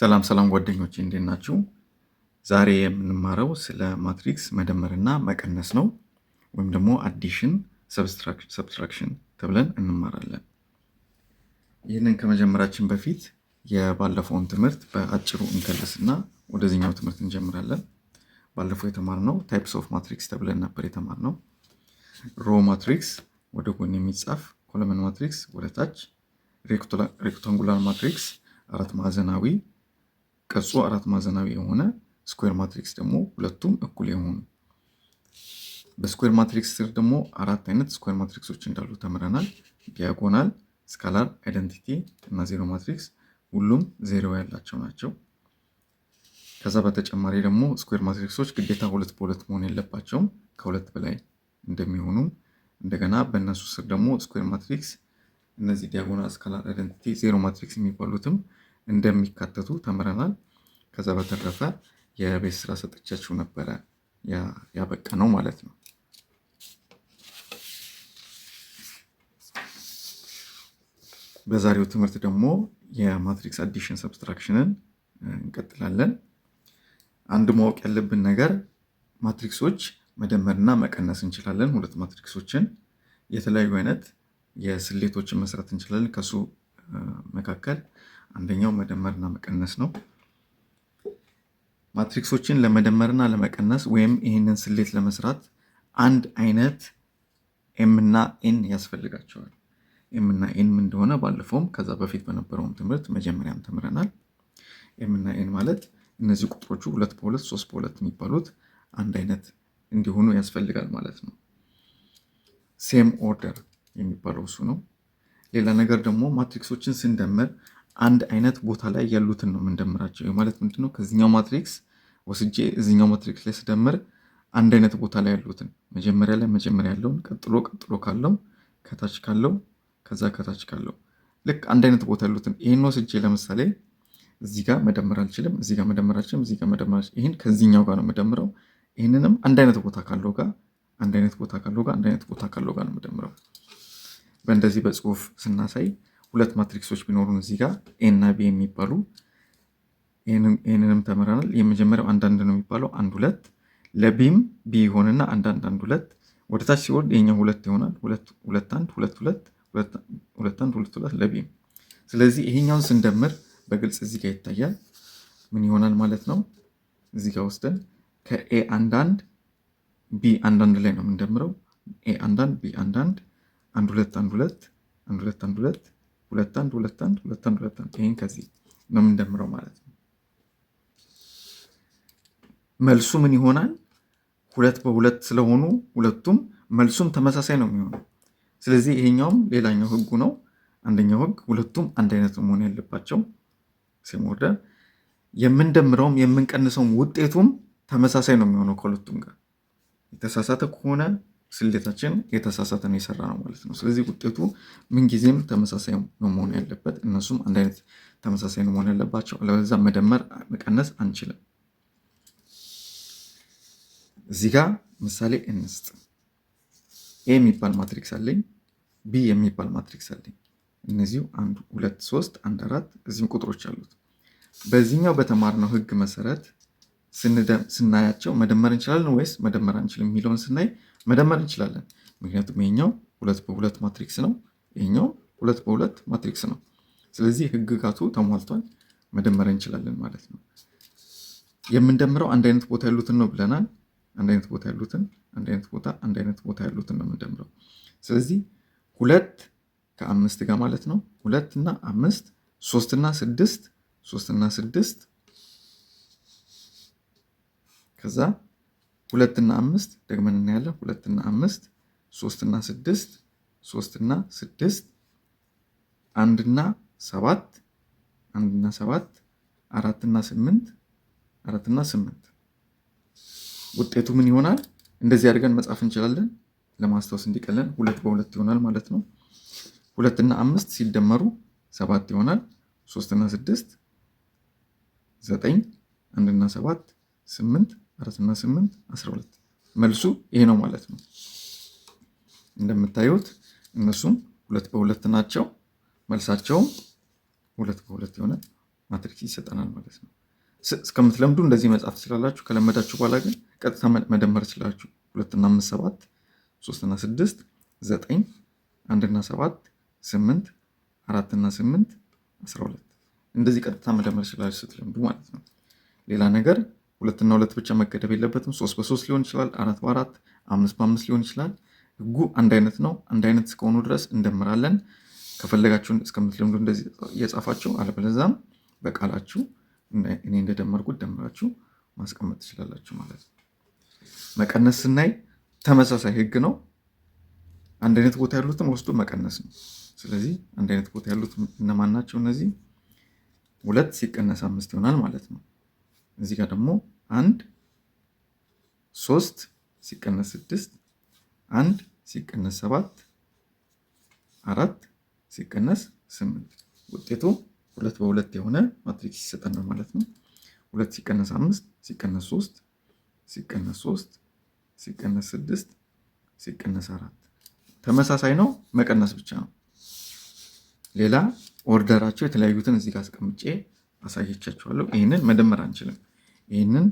ሰላም ሰላም ጓደኞች እንዴት ናችሁ? ዛሬ የምንማረው ስለ ማትሪክስ መደመርና መቀነስ ነው፣ ወይም ደግሞ አዲሽን ሰብስትራክሽን ተብለን እንማራለን። ይህንን ከመጀመራችን በፊት የባለፈውን ትምህርት በአጭሩ እንከልስና ወደዚኛው ትምህርት እንጀምራለን። ባለፈው የተማርነው ታይፕስ ኦፍ ማትሪክስ ተብለን ነበር የተማርነው። ሮ ማትሪክስ ወደ ጎን የሚጻፍ፣ ኮለመን ማትሪክስ ወደ ታች፣ ሬክታንጉላር ማትሪክስ አራት ማዕዘናዊ ቅርጹ አራት ማዕዘናዊ የሆነ ስኩዌር ማትሪክስ ደግሞ ሁለቱም እኩል የሆኑ በስኩዌር ማትሪክስ ስር ደግሞ አራት አይነት ስኩዌር ማትሪክሶች እንዳሉ ተምረናል። ዲያጎናል፣ ስካላር አይደንቲቲ እና ዜሮ ማትሪክስ ሁሉም ዜሮ ያላቸው ናቸው። ከዛ በተጨማሪ ደግሞ ስኩዌር ማትሪክሶች ግዴታ ሁለት በሁለት መሆን የለባቸውም ከሁለት በላይ እንደሚሆኑም እንደገና በእነሱ ስር ደግሞ ስኩዌር ማትሪክስ እነዚህ ዲያጎናል፣ ስካላር አይደንቲቲ፣ ዜሮ ማትሪክስ የሚባሉትም እንደሚካተቱ ተምረናል። ከዛ በተረፈ የቤት ስራ ሰጥቻችሁ ነበረ ያበቃ ነው ማለት ነው። በዛሬው ትምህርት ደግሞ የማትሪክስ አዲሽን ሰብስትራክሽንን እንቀጥላለን። አንድ ማወቅ ያለብን ነገር ማትሪክሶች መደመርና መቀነስ እንችላለን። ሁለት ማትሪክሶችን የተለያዩ አይነት የስሌቶችን መስራት እንችላለን። ከሱ መካከል አንደኛው መደመርና መቀነስ ነው። ማትሪክሶችን ለመደመርና ለመቀነስ ወይም ይህንን ስሌት ለመስራት አንድ አይነት ኤምና ኤን ያስፈልጋቸዋል። ኤምና ኤን ምን እንደሆነ ባለፈውም ከዛ በፊት በነበረውም ትምህርት መጀመሪያም ተምረናል። ኤምና ኤን ማለት እነዚህ ቁጥሮቹ ሁለት በሁለት ሶስት በሁለት የሚባሉት አንድ አይነት እንዲሆኑ ያስፈልጋል ማለት ነው። ሴም ኦርደር የሚባለው እሱ ነው። ሌላ ነገር ደግሞ ማትሪክሶችን ስንደምር አንድ አይነት ቦታ ላይ ያሉትን ነው የምንደምራቸው። ማለት ምንድነው ከዚኛው ማትሪክስ ወስጄ እዚኛው ማትሪክስ ላይ ስደምር አንድ አይነት ቦታ ላይ ያሉትን መጀመሪያ ላይ መጀመሪያ ያለውን ቀጥሎ ቀጥሎ ካለው ከታች ካለው ከዛ ከታች ካለው ልክ አንድ አይነት ቦታ ያሉትን ይህን ወስጄ ለምሳሌ እዚህ ጋር መደመር አልችልም፣ እዚህ ጋር መደመር አልችልም፣ እዚህ ጋር መደመር አልችልም። ይህን ከዚህኛው ጋር ነው የምደምረው። ይህንንም አንድ አይነት ቦታ ካለው ጋር አንድ አይነት ቦታ ካለው ጋር አንድ አይነት ቦታ ካለው ጋር ነው የምደምረው። በእንደዚህ በጽሁፍ ስናሳይ ሁለት ማትሪክሶች ቢኖሩን እዚህ ጋር ኤ እና ቢ የሚባሉ ይህንንም ተምረናል። የመጀመሪያው አንዳንድ ነው የሚባለው አንድ ሁለት ለቢም ቢ ይሆንና አንዳንድ አንድ ሁለት ወደ ታች ሲወርድ የኛው ሁለት ይሆናል። ሁለት አንድ ሁለት ሁለት ሁለት አንድ ሁለት ሁለት ለቢም። ስለዚህ ይሄኛውን ስንደምር በግልጽ እዚህ ጋር ይታያል። ምን ይሆናል ማለት ነው? እዚህ ጋር ወስደን ከኤ አንዳንድ ቢ አንዳንድ ላይ ነው የምንደምረው። ኤ አንዳንድ ቢ አንዳንድ አንድ ሁለት አንድ ሁለት አንድ ሁለት አንድ ሁለት ሁለት አንድ ሁለት አንድ ሁለት አንድ ሁለት አንድ ከዚህ ነው የምንደምረው ማለት ነው። መልሱ ምን ይሆናል? ሁለት በሁለት ስለሆኑ ሁለቱም መልሱም ተመሳሳይ ነው የሚሆነው። ስለዚህ ይሄኛውም ሌላኛው ህጉ ነው። አንደኛው ህግ ሁለቱም አንድ አይነት መሆን ያለባቸው ሴም የምንደምረውም የምንቀንሰውም ውጤቱም ተመሳሳይ ነው የሚሆነው ከሁለቱም ጋር የተሳሳተ ከሆነ ስሌታችን የተሳሳተን የሰራ ነው ማለት ነው። ስለዚህ ውጤቱ ምንጊዜም ተመሳሳይ ነው መሆን ያለበት። እነሱም አንድ አይነት ተመሳሳይ ነው መሆን ያለባቸው። ለበዛ መደመር መቀነስ አንችልም። እዚህ ጋር ምሳሌ እንስጥ። ኤ የሚባል ማትሪክስ አለኝ፣ ቢ የሚባል ማትሪክስ አለኝ። እነዚሁ አንድ ሁለት ሶስት አንድ አራት እዚህም ቁጥሮች አሉት። በዚህኛው በተማርነው ህግ መሰረት ስናያቸው መደመር እንችላለን ወይስ መደመር አንችልም የሚለውን ስናይ መደመር እንችላለን። ምክንያቱም ይሄኛው ሁለት በሁለት ማትሪክስ ነው፣ ይሄኛው ሁለት በሁለት ማትሪክስ ነው። ስለዚህ ህግጋቱ ተሟልቷል፣ መደመር እንችላለን ማለት ነው። የምንደምረው አንድ አይነት ቦታ ያሉትን ነው ብለናል። አንድ አይነት ቦታ ያሉትን፣ አንድ አይነት ቦታ፣ አንድ አይነት ቦታ ያሉትን ነው የምንደምረው። ስለዚህ ሁለት ከአምስት ጋር ማለት ነው። ሁለት እና አምስት፣ ሶስት እና ስድስት፣ ሶስት እና ስድስት ከዛ ሁለትና አምስት ደግመን እናያለን። ሁለትና አምስት፣ ሶስትና ስድስት፣ ሶስትና ስድስት፣ አንድና ሰባት፣ አንድና ሰባት፣ አራትና ስምንት፣ አራትና ስምንት። ውጤቱ ምን ይሆናል? እንደዚህ አድርገን መጻፍ እንችላለን። ለማስታወስ እንዲቀለን ሁለት በሁለት ይሆናል ማለት ነው። ሁለትና አምስት ሲደመሩ ሰባት ይሆናል። ሶስትና ስድስት ዘጠኝ፣ አንድና ሰባት ስምንት 48 እና መልሱ ይሄ ነው ማለት ነው። እንደምታዩት እነሱም ሁለት በሁለት ናቸው። መልሳቸውም ሁለት በሁለት የሆነ ማትሪክስ ይሰጠናል ማለት ነው። እስከምትለምዱ እንደዚህ መጻፍ ትችላላችሁ። ከለመዳችሁ በኋላ ግን ቀጥታ መደመር ትችላላችሁ። ሁለትና አምስት ሰባት፣ ሶስትና ስድስት፣ ዘጠኝ፣ አንድና ሰባት፣ ስምንት፣ አራትና ስምንት አስራ ሁለት እንደዚህ ቀጥታ መደመር ትችላላችሁ ስትለምዱ ማለት ነው። ሌላ ነገር ሁለትና ሁለት ብቻ መገደብ የለበትም። ሶስት በሶስት ሊሆን ይችላል። አራት በአራት አምስት በአምስት ሊሆን ይችላል። ህጉ አንድ አይነት ነው። አንድ አይነት እስከሆኑ ድረስ እንደምራለን። ከፈለጋችሁን እስከምትለምዱ እንደዚህ እየጻፋችሁ አለበለዛም በቃላችሁ እኔ እንደደመርኩት ደምራችሁ ማስቀመጥ ትችላላችሁ ማለት ነው። መቀነስ ስናይ ተመሳሳይ ህግ ነው። አንድ አይነት ቦታ ያሉትን ወስዶ መቀነስ ነው። ስለዚህ አንድ አይነት ቦታ ያሉት እነማን ናቸው? እነዚህ ሁለት ሲቀነስ አምስት ይሆናል ማለት ነው። እዚህ ጋር ደግሞ አንድ ሶስት ሲቀነስ ስድስት አንድ ሲቀነስ ሰባት አራት ሲቀነስ ስምንት ውጤቱ ሁለት በሁለት የሆነ ማትሪክስ ይሰጠናል ማለት ነው። ሁለት ሲቀነስ አምስት ሲቀነስ ሶስት ሲቀነስ ሶስት ሲቀነስ ስድስት ሲቀነስ አራት ተመሳሳይ ነው፣ መቀነስ ብቻ ነው። ሌላ ኦርደራቸው የተለያዩትን እዚህ ጋር አስቀምጬ አሳየቻችኋለሁ። ይህንን መደመር አንችልም። ይህንን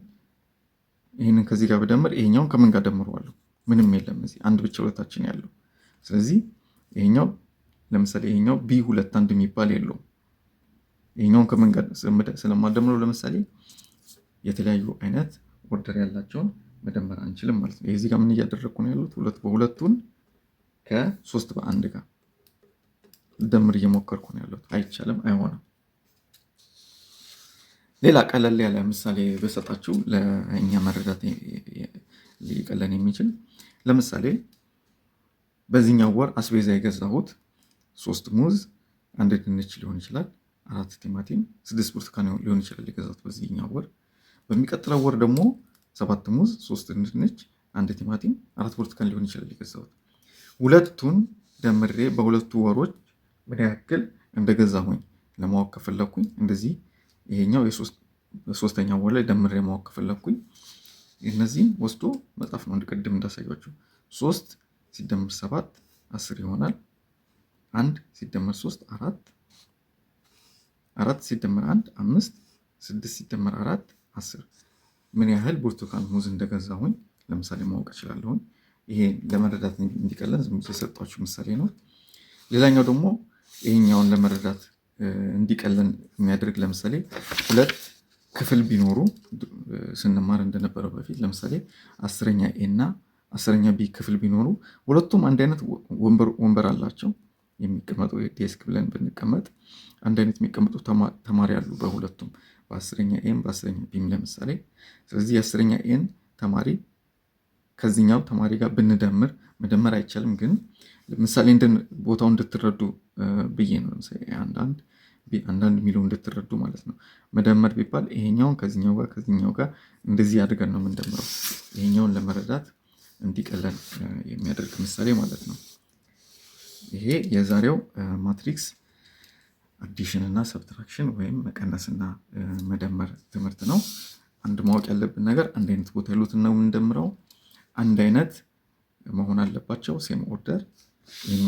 ይህንን ከዚህ ጋር ብደምር ይሄኛውን ከምን ጋር ደምረዋለሁ? ምንም የለም እዚህ አንድ ብቻ ሁለታችን ያለው። ስለዚህ ይሄኛው ለምሳሌ ይሄኛው ቢ ሁለት አንድ የሚባል የለውም። ይሄኛውን ከምን ጋር ስለማደምረው ለምሳሌ የተለያዩ አይነት ኦርደር ያላቸውን መደመር አንችልም ማለት ነው። የዚህ ጋር ምን እያደረግኩ ነው ያሉት? ሁለት በሁለቱን ከሶስት በአንድ ጋር ደምር እየሞከርኩ ነው ያሉት። አይቻልም፣ አይሆንም። ሌላ ቀለል ያለ ምሳሌ በሰጣችሁ ለእኛ መረዳት ሊቀለን የሚችል ለምሳሌ በዚህኛው ወር አስቤዛ የገዛሁት ሶስት ሙዝ፣ አንድ ድንች ሊሆን ይችላል፣ አራት ቲማቲም፣ ስድስት ብርቱካን ሊሆን ይችላል የገዛሁት በዚህኛው ወር። በሚቀጥለው ወር ደግሞ ሰባት ሙዝ፣ ሶስት ድንች፣ አንድ ቲማቲም፣ አራት ብርቱካን ሊሆን ይችላል የገዛሁት። ሁለቱን ደምሬ በሁለቱ ወሮች ምን ያክል እንደገዛሁኝ ለማወቅ ከፈለግኩኝ እንደዚህ ይሄኛው ሶስተኛው ወር ላይ ደምሬ ማወቅ ከፈለግኩኝ እነዚህም ወስዶ መጻፍ ነው። ቅድም እንዳሳያችሁ ሶስት ሲደምር ሰባት አስር ይሆናል። አንድ ሲደመር ሶስት አራት፣ አራት ሲደምር አንድ አምስት፣ ስድስት ሲደምር አራት አስር። ምን ያህል ብርቱካን ሙዝ እንደገዛሁኝ ለምሳሌ ማወቅ እችላለሁኝ። ይሄ ለመረዳት እንዲቀለን ዝም የሰጧችሁ ምሳሌ ነው። ሌላኛው ደግሞ ይሄኛውን ለመረዳት እንዲቀለን የሚያደርግ ለምሳሌ ሁለት ክፍል ቢኖሩ ስንማር እንደነበረው በፊት ለምሳሌ አስረኛ ኤ እና አስረኛ ቢ ክፍል ቢኖሩ ሁለቱም አንድ አይነት ወንበር አላቸው የሚቀመጡ ዴስክ ብለን ብንቀመጥ አንድ አይነት የሚቀመጡ ተማሪ አሉ በሁለቱም በአስረኛ ኤም በአስረኛ ቢም ለምሳሌ ስለዚህ የአስረኛ ኤን ተማሪ ከዚህኛው ተማሪ ጋር ብንደምር መደመር አይቻልም ግን ምሳሌ ቦታው እንድትረዱ ብዬ ነው አንዳንድ አንዳንድ የሚለው እንድትረዱ ማለት ነው። መደመር ቢባል ይሄኛውን ከዚኛው ጋር ከዚኛው ጋር እንደዚህ አድርገን ነው የምንደምረው። ይሄኛውን ለመረዳት እንዲቀለን የሚያደርግ ምሳሌ ማለት ነው። ይሄ የዛሬው ማትሪክስ አዲሽን እና ሰብትራክሽን ወይም መቀነስና መደመር ትምህርት ነው። አንድ ማወቅ ያለብን ነገር አንድ አይነት ቦታ ያሉትን ነው የምንደምረው። አንድ አይነት መሆን አለባቸው ሴም ኦርደር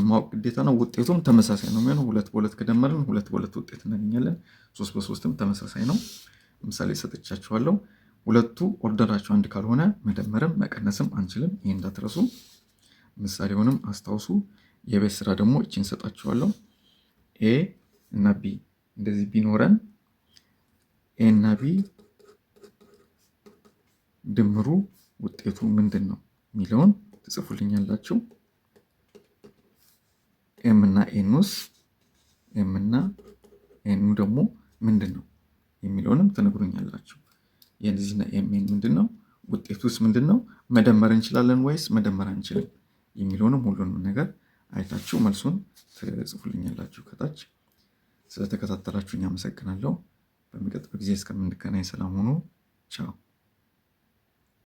ማወቅ ግዴታ ነው። ውጤቱም ተመሳሳይ ነው የሚሆነው። ሁለት በሁለት ከደመርን ሁለት በሁለት ውጤት እናገኛለን። ሶስት በሶስትም ተመሳሳይ ነው። ምሳሌ ሰጥቻችኋለሁ። ሁለቱ ኦርደራቸው አንድ ካልሆነ መደመርም መቀነስም አንችልም። ይህ እንዳትረሱ፣ ምሳሌውንም አስታውሱ። የቤት ስራ ደግሞ እችን ሰጣችኋለሁ። ኤ እና ቢ እንደዚህ ቢኖረን ኤ እና ቢ ድምሩ ውጤቱ ምንድን ነው የሚለውን ትጽፉልኛላችሁ። ኤም እና ኤኑስ ኤም እና ኤኑ ደግሞ ምንድን ነው የሚለውንም ትነግሩኛላችሁ። የዚህና ኤምኤን ምንድን ነው ውጤቱስ ምንድን ነው? መደመር እንችላለን ወይስ መደመር አንችልም የሚለውንም ሁሉንም ነገር አይታችሁ መልሱን ትጽፉልኛላችሁ ከታች። ስለተከታተላችሁኝ አመሰግናለሁ። በሚቀጥለው ጊዜ እስከምንገናኝ ሰላም ሁኑ። ቻው